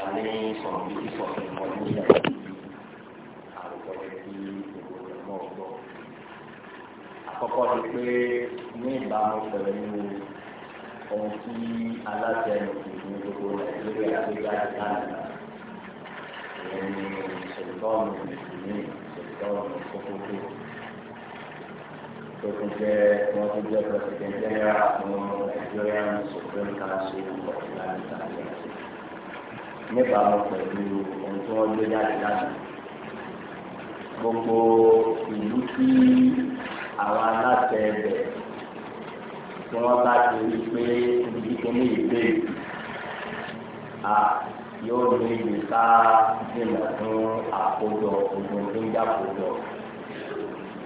and then some pieces of information and quality ìgbòho ọgbọ. Àkọ́kọ́ ni pé ní ìbámu pẹ̀lú ohun tí aláṣẹ ìlú gbogbo Nàìjíríà tó jáde lánàá ìyẹn ni ṣèlúbọ́ọ̀mù ìlú ṣèlúbọ́ọ̀mù kókókó tó tún jẹ́ wọ́n tún jẹ́ pẹ̀lú ìdẹ́gbẹ́rẹ́ àwọn Nàìjíríà Supreme Council of Nigeria. nípa àwọn pẹ̀lú ohun tí wọ́n gbé jáde láti gbogbo ìlú tí àwọn aláṣẹ ẹ̀bẹ̀ tí wọ́n bá ti rí pé ibi tó ní ìgbé à yóò ní ibi ká dènà fún àkójọ ogun tó ń dàkójọ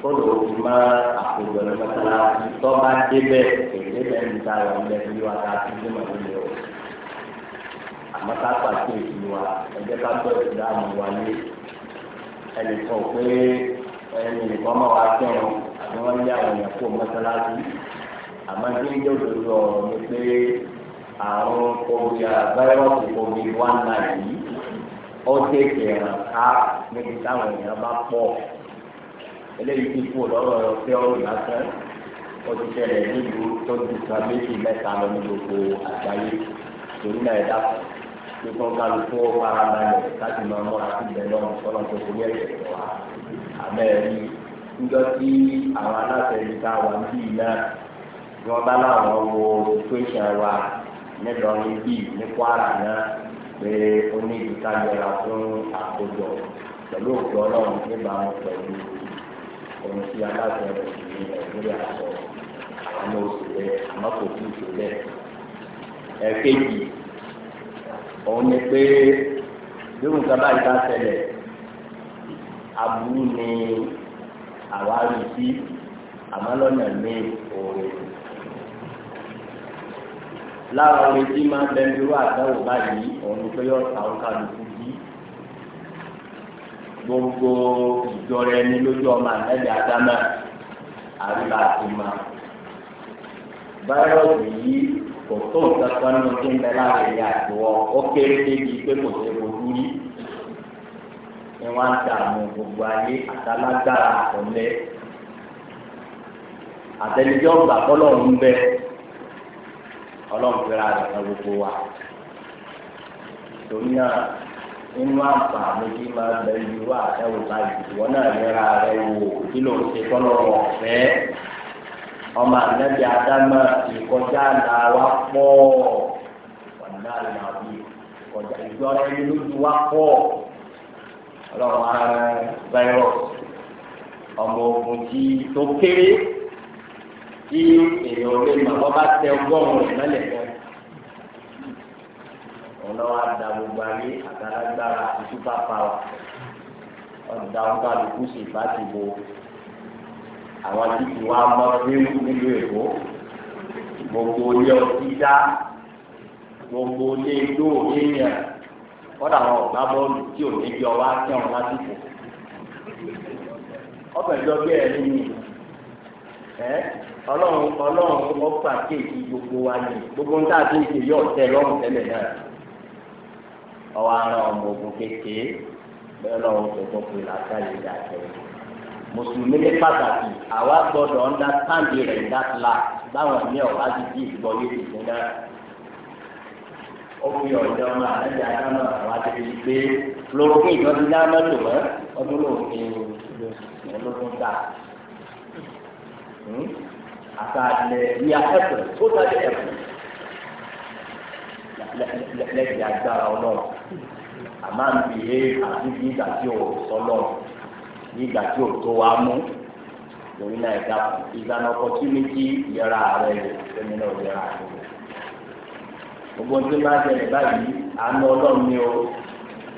kódò òfin má àkójọ ní tó bá débẹ̀ èdè bẹ́ẹ̀ ń ta ìwọ̀n bẹ́ẹ̀ ní wàtá tó dé màlúù lọ mọ́tà pàṣẹ ìlú wa ẹgbẹ́ ká gbọ́ ìdáàmú wáyé ẹnìkan pé ẹnìkan máa wá kẹrun àbí wọ́n lé àwọn èèyàn kó mọ́sálásí àmọ́ tí ń yóò dodo ọ̀rọ̀ ni pé àrùn kòbí fáírọ́ọ̀sì kòbí one nine yìí ó tètè ràn ká níbi táwọn èèyàn bá pọ̀ eléyìí ti kú lọ́rọ̀ fẹ́ọ́rù lásán ó ti nílùú tó ti sàn méjì lọ ní gbogbo àgbáyé torí náà ẹ dákun pé kọ́ kálukú ó fara balẹ̀ láti máa múra sí ibẹ̀ lọ́wọ́ sọ́nà tó kó yẹ ìṣẹ̀lẹ̀ wa àbẹ́ẹ̀rí níjọ́ tí àwọn aláṣẹ yìí ká wà ní ìlú náà wọ́n bá láwọn wo situation wa nílọrin bíi ní Kwara náà pé ó ní ìdíkà yẹra fún àkójọ pẹ̀lú òkú ọlọ́run níbàámu pẹ̀lú ohun tí aláṣẹ rẹ̀ sì ní nàìjíríà sọ àwọn ọmọ òṣèlè àmọ́ kò tún ìṣòlẹ̀ ẹ̀ẹ́kejì òun ni pé bí nǹkan báyìí bá ṣẹlẹ̀ aburú ni àwa rí sí àmọ́ lọ́nà mi òòrè. lára orin tí máa ń bẹ́ẹ̀ dúró àdáwò báyìí òun ni pé yóò ta ọ̀ka lùkù bí gbogbo ìjọra ẹni lójú ọmọ àtẹ́lẹ̀ ádámà àríwá àti máa. báyọ̀ yìí kò tó nǹkan kan ń bẹ láàrin ìyá àtiwọ́ ó kéré débi pé kò ṣe fojú rí ni wọ́n ń dààmú gbogbo ayé àtàlágbára ọ̀lẹ́ àtẹnudẹ́ ọgbà kọ́lọ́ọ̀nù bẹ ọlọ́run fẹ́ra rẹ̀ kan gbogbo wa torí náà nínú àǹfààní tí máa ń bẹ ìlú àtẹwò báyìí ìwọ náà lera rẹ wò kí ló ń ṣe kọ́lọ́ọ̀nù ọ̀fẹ́ ọmọ anabi adama ìkọjá àná wa pọ̀ ọ̀nà àná àbí ìkọjá ìjọra ẹni lójú wa pọ̀ ọlọ́run ara virus ọmọ ogun tí tó kéré tí èèyàn ò lè mọ̀ bọ́ bá tẹ ọgọ́rùn-ún rẹ̀ mẹ́lẹ̀ kan ọlọ́wọ́ ada gbogbo ayé àtàlágbára ìtúpá pa ọ̀dà ọgbà lùkùsì bá ti bo àwọn tí kì wá mọ́ nílùú èkó gbogbo ilé ọtí dá gbogbo ilé igbó èèyàn kọ́dà àwọn ọ̀gá bọ́ọ̀lù tí ò ní jọ wá kẹ́hùn lásìkò ọbẹ̀ jọ bí ẹ̀ nínú ẹ̀ ọlọ́run ọlọ́run ọ̀pọ̀ àkéèkì gbogbo wa ni gbogbo ń tàbí ìṣe yóò lọ́rùn tẹ́lẹ̀ náà ọwọ́ ara ọmọ ogun kékeré bẹ́ẹ̀ lọ́wọ́ tó tó pè látàrí ìdájọ́ mùsùlùmí ní pàtàkì àwa gbọ́dọ̀ understand rẹ̀ dákìlá báwọn ní ọ̀rá jíjí ìgbọ́ yóò fi náà. ó fi ọ̀dọ́ máa ń jà náà àwọn àtẹ̀lẹ́ pé lórúkọ ìtọ́jú náà mọ́tò mọ́ ọdún lòfin ológun ta. àtàlẹ̀ ìyá ẹ̀fẹ̀ ó tàbí ẹ̀fẹ̀ lẹ́yìn agbára ọlọ́run àmà ń bìí àti bí ìgbà tí ò sọ lọ́run nígbà tí o tó wa mú lórí náà ẹ̀dá ìlànà opportunity yẹra rẹ lórí náà yẹra rẹ gbogbo tí máa ṣẹlẹ̀ báyìí àánú ọlọ́run ni o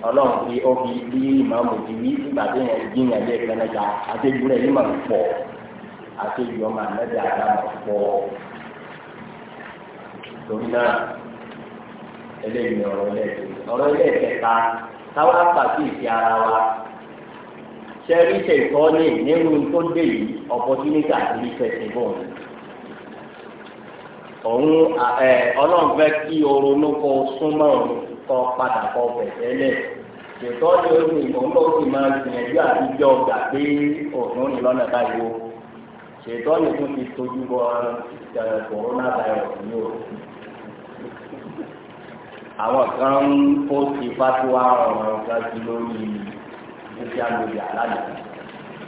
ọlọ́run fi ó fi bí ìmáàmù ti wí nígbà tí yẹn jíyàn lé ẹgbẹ́nẹ́ta àtẹ̀jùrẹ́ yìí máa pọ̀ àtẹ̀jù ọmọ àmẹ́ta àgbà máa pọ̀ lórí náà eléyìí ọ̀rọ̀ ẹlẹ́ẹ̀kẹta ọ̀rọ̀ ẹlẹ́ẹ̀kẹta táwọn apàtì ìfi ara wa. sẹ́rí ṣètọ́ ní nínú tó dé yìí opportunity àti fẹ̀sìn bò òun ọlọ́run fẹ́ kí kọ súnmọ́ kọ padà kọ fẹ̀sẹ̀ lẹ̀ ṣètọ́ ní oṣù ìmọ̀ọ́n náà sì máa gbìyànjú àtijọ́ gbà pé òun ní lọ́nà báyìí o ní ti tójú bọ corona virus ní o. àwọn níbi agbègbè aláàbò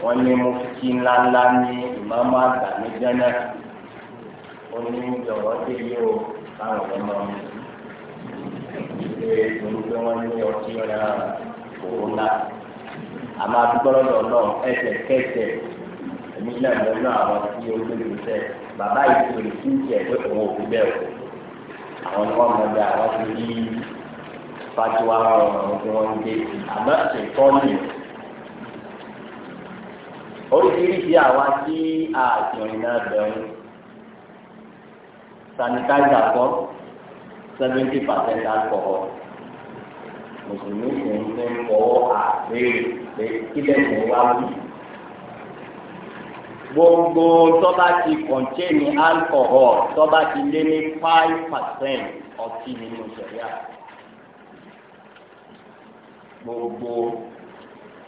wọn ní mufti ńláńlá ní ìmáàmù àgbà ní jẹnẹ ó ní ìjọba tó yé o káwọn ọmọ ọmọ mi ṣe ìgbóni pé wọn ní ọtí ọyà kòrónà àmọ́ àdúgbò lọ́dọ̀ náà ẹsẹ̀ kẹsẹ̀ èmi náà lọ náà àwọn tí ó gbé mi sẹ bàbá ìṣòro tí ń jẹ pé òun ò fi bẹ́ẹ̀ o àwọn ni wọn àwọn ti rí fatiwa wọn ọ̀rọ̀ wọn ń gbé àmọ́ ṣètọ́ nìyẹn oríṣiríṣi àwa tí àjọyìn náà bẹ̀rù sanitizer kọ́ seventy percent alcohol mùsùlùmí sì ń fi fọwọ́ àbẹ́rẹ́ pé kílẹ̀ ń wá wí. gbogbo tọ́ba ti kọ̀ǹtẹ́ẹ̀nì alcohol tọ́ba ti lé ní five percent ọtí nínú sẹ̀ríà gbogbo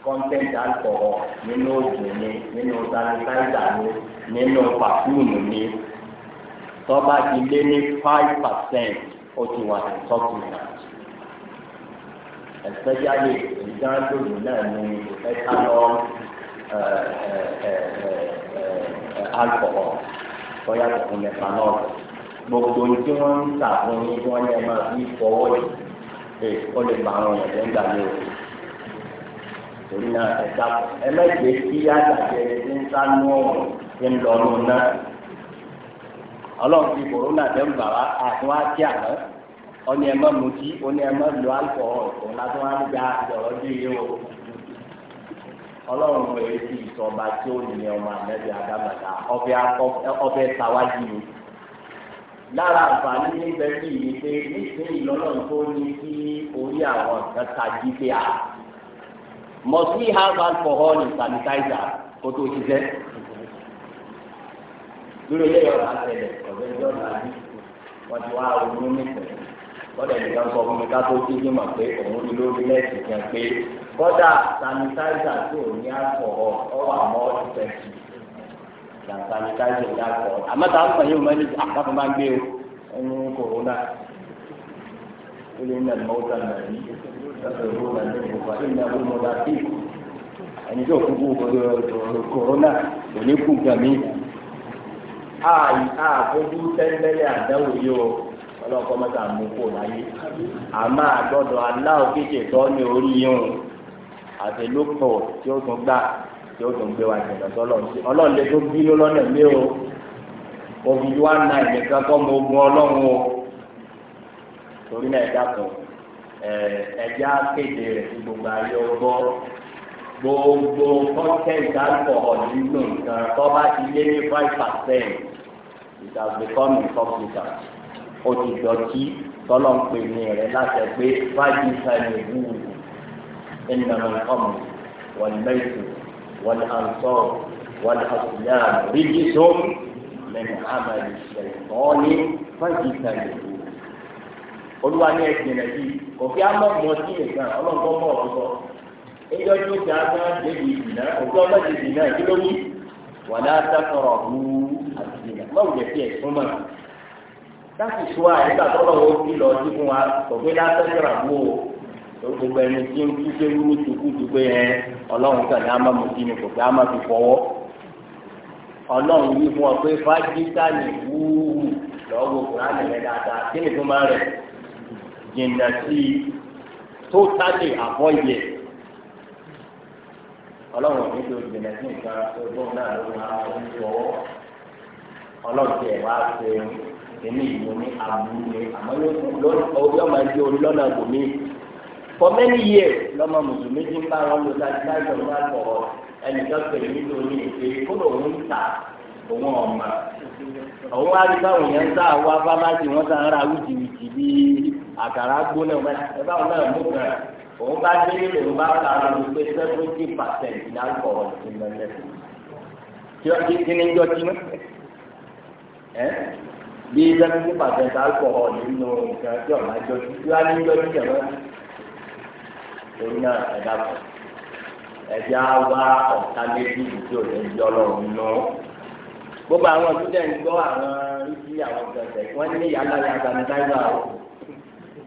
kọ́ńtẹ́ǹtì alcohol nínú oògùn ni nínú sanitizer ni nínú pàfúùmù ni tọ́ba ti lé ní five percent ó ti wà ní supplement especially ìdánlódì náà ní ethanol eh, eh, eh, alcohol tọ́yà tó fún ethanol gbogbo tí wọ́n ń tà fún yín wọ́n yẹ máa fi fọwọ́ yìí ó lè bá àwọn èèyàn lẹ́gbàá ní òkè. torí náà ẹ̀ka ẹlẹ́gbẹ̀ẹ́ tí àgbàjẹ ti ń sánú ọ̀rọ̀ ti ń lọ náà ọlọ́run ti ń bà wá àti kí àná ọ̀nì mọ́ mutí ọ̀nì mọ́ àlùkò ń gba ọ̀rọ̀ o ọlọ́run ti ìsọba tí ó nìyẹn ọmọ ànábi àdàmàdà ọbẹ̀ tàwájú ni lára àǹfààní pé ìlọ́lọ́run tó ní kí orí àwọn must we have alcohol in sanitizer kó tó ṣiṣẹ́ lórí ilé yọrọ àtẹlẹ ọ̀gbẹ́ ìjọba àdí wọn ti wá ronú nípìn kọ́dà ìjọba sọ fún mi ká tó kí símọ̀ pé òun ni lórí lẹ́sì kan pé kọ́dà sanitizer tí ò ní alcohol ọwọ́ àmọ́ ìfẹ̀sì na sanitizer ní alcohol àmọ́ tá a ń pàyẹ́ òun ní máa ń gbé ẹnu kòrónà ó lè ń nà يفرغون منه فإنه ملاقيه ẹni tó kú kòrónà kò ní kú gàmí. àfojú tẹ́lẹ̀lẹ́ àdáwò yìí o ọlọ́kọ́ mẹ́ta mú kó láyé àmọ́ àgbọ̀dọ̀ aláwọ̀ kéde tọ́ ní orí yìí o àtẹlópọ̀ tí ó tún gbà tí ó tún gbé wa jẹ̀dọ̀ sọlọ́ọ̀sì ọlọ́ọ̀lẹ́ tó bí lọ́nà mi o òbí wa nà ìdẹ̀kan kọ́ mọ ogun ọlọ́run o torí náà ẹ̀dá kan ẹ̀já kéde rẹ̀ fún gbogbo ayé ọgbọ́ gbogbo content alcohol nínú nǹkan tó bá ti lé ní five percent it has become intoxicating ó ti dọ̀tí tọ́lọ̀ ń pè ní rẹ̀ láti pé five percent ewu ìnana ọmọ wọn mẹ́tò wọn àǹtọ̀ wọn àṣìyàn rígí sóun mẹ́nu àmàlì ṣẹ̀tọ́ ní five percent ewu olúwa ní ẹ̀sìn rẹ̀ yìí kò fi amọ̀ mọ́ sí nìkan ọlọ́nkọ́ mọ́ ọ̀tọ̀ ẹjọ́ tó ti àgbà débi ìdìnnà òkú ọlọ́dẹ ìdìnnà kí ló ní wàlá sáfọ̀rọ̀ hù àti ìdìnnà má wùdẹ̀ sí ẹ̀sùn mọ́ láti sọ àyíká tọ́lọ̀ wo kí lọ sí fún wa tọ̀gbé lásẹ̀kẹ̀rà wò ó gbogbo ẹni tí ń kúṣe wúrú tukú tukú yẹn ọlọ́run kan ní amámọ̀tí ni kò fẹ́ amáfi fọwọ́ ọlọ́run yìí fún ọ pé fájísà ní wúwú lọ́wọ́ kùránì rẹ̀ dáadáa kí ni tó máa rẹ̀ jìnnà sí i totally avoid it ọlọ́run ní ló jìnnà sí nǹkan ọgbọ́n náà ló máa ń fọwọ́ ọlọ́run tiẹ̀ wá ṣe èmi ìlú ní àbúrò ni àmọ́ yóò máa di orí lọ́nà àgbòmí for many years lọ́mọ mùsùlùmí ti ń bá wọn lò láti láti ọ̀rọ̀ máa sọ̀rọ̀ ẹnìkan pèlè nítorí èké kódò òun ń tà òun ọ̀mà òun á rí báwọn yẹn ń tà wá fámásì wọn sàn ra wìjìwìjì bíi àkàrà gbóná mẹ ẹ bá wọn náà mú kan òun bá délé òun bá ta ló ń pé seventy percent ní alcohol ti mẹ lẹsẹ tí ó ti ti ní jọ ti mẹ ẹ bí seventy percent alcohol nínú nǹkan tí ọ̀nà jọ ti tí wọ́n á ní jọ ti jẹ náà ẹ dàpọ̀ ẹ̀dí á wá ọ̀tá méjì tí ò ní jọ lọ́rùn náà gbogbo àwọn ọdún dẹ̀ ń gbọ́ àwọn ibi àwọn gbẹ̀gbẹ̀ wọ́n ní yàrá yàrá ní táyà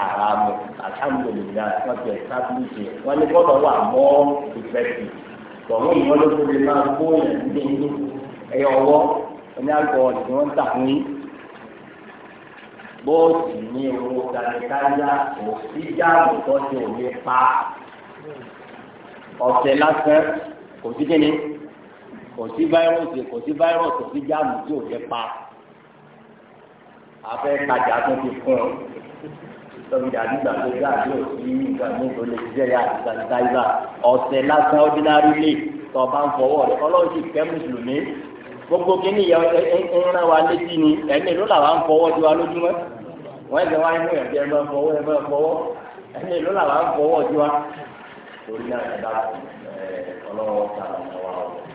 haramu alhamdulilayi wọ́n ti ẹ̀sábìlìsì ní gbọ́dọ̀ wà mọ́ ìfẹ́sì tọ̀wọ́ ìwọ́n ló tóbi máa gbóyè nínú ẹ̀yọ ẹni àgọ́ọ̀lù ni wọ́n tà fún yín bóòtù ní owó sanitaria kò jáàmù tó ti pa ọ̀sẹ̀ lásán kò sí kíni kò sí fáírọ̀sì kò sí fáírọ̀sì kò jáàmù tí ò pa afẹ́ tajà tó ti fún ọ tọ́bi dàbí gbà pé gáàdì òsì nǹkan mi tó lè jẹ́ yá àti sanitaiza ọ̀sẹ̀ lásán ordinary lè tọ́ba ń fọwọ́ rẹ̀ ọlọ́run sì fẹ́ mùsùlùmí gbogbo kínní yẹ ń rán wa létí ni ẹ̀mí ló làwa ń fọwọ́ tiwa lójúmọ́ wọ́n ẹ̀jẹ̀ wá inú ẹ̀jẹ̀ ẹ̀ máa fọwọ́ ẹ̀ máa fọwọ́ ẹ̀mí ló làwa ń fọwọ́ tiwa torí náà ẹ̀ bá ọlọ́run ta wa ọ̀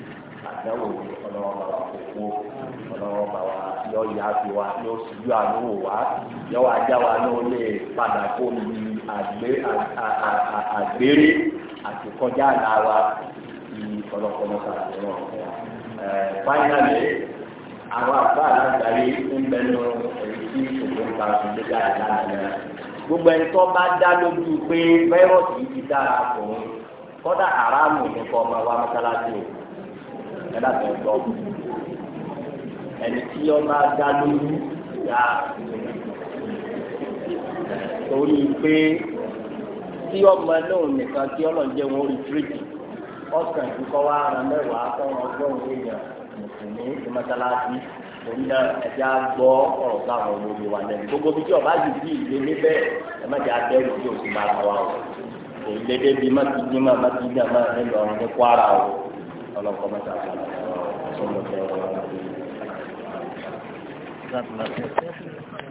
àdánwò ọlọ́wọ́ bá wa kókó ọlọ́wọ́ bá wa yọ ìyá fi wa yọ síjú àdánwò wa yọ wá já wa ní olè padà kó mi àgbéré àti kọjá àlá wa ní ọlọ́pọ̀lọ́ sàrọ̀ fáínàlì àwọn àgbà alágbàáyé ń bẹnu èyí tí òkú ń ta òṣèlú jáde lánàá gbogbo ẹni tó bá dá lójú pé fẹ́rọ̀sì yìí ti dára fún un kọ́dà haramu ní kọ́ ọmọ wa mọ́sálásí òkú ẹ̀dá fẹ́ gbọ́ ẹni tí ó bá dá lóyún ìyá torí pé tí ọmọ náà nìkan tí ọlọ́jẹ́ wọn rí tírìtì ọ̀sán ìdúkọ́ wa ara mẹ́wàá fọ́nrán ọgọ́rùn-ún èèyàn mùsùlùmí ní mọ́sálásí òun náà ẹ̀jẹ̀ á gbọ́ ọ̀rọ̀ sáwọn olórí wa lẹ́nu gbogbo bí tí ọba yìí bí ìlé níbẹ̀ ẹ má jẹ́ abẹ́rù tí òsì bára wa o èyí lédè bíi má ti dín má má ti dín má nínú ọ̀run ní kwara o ọlọ́kọ́ mẹ́ta sọ́dọ̀ fẹ́ ọ̀rọ̀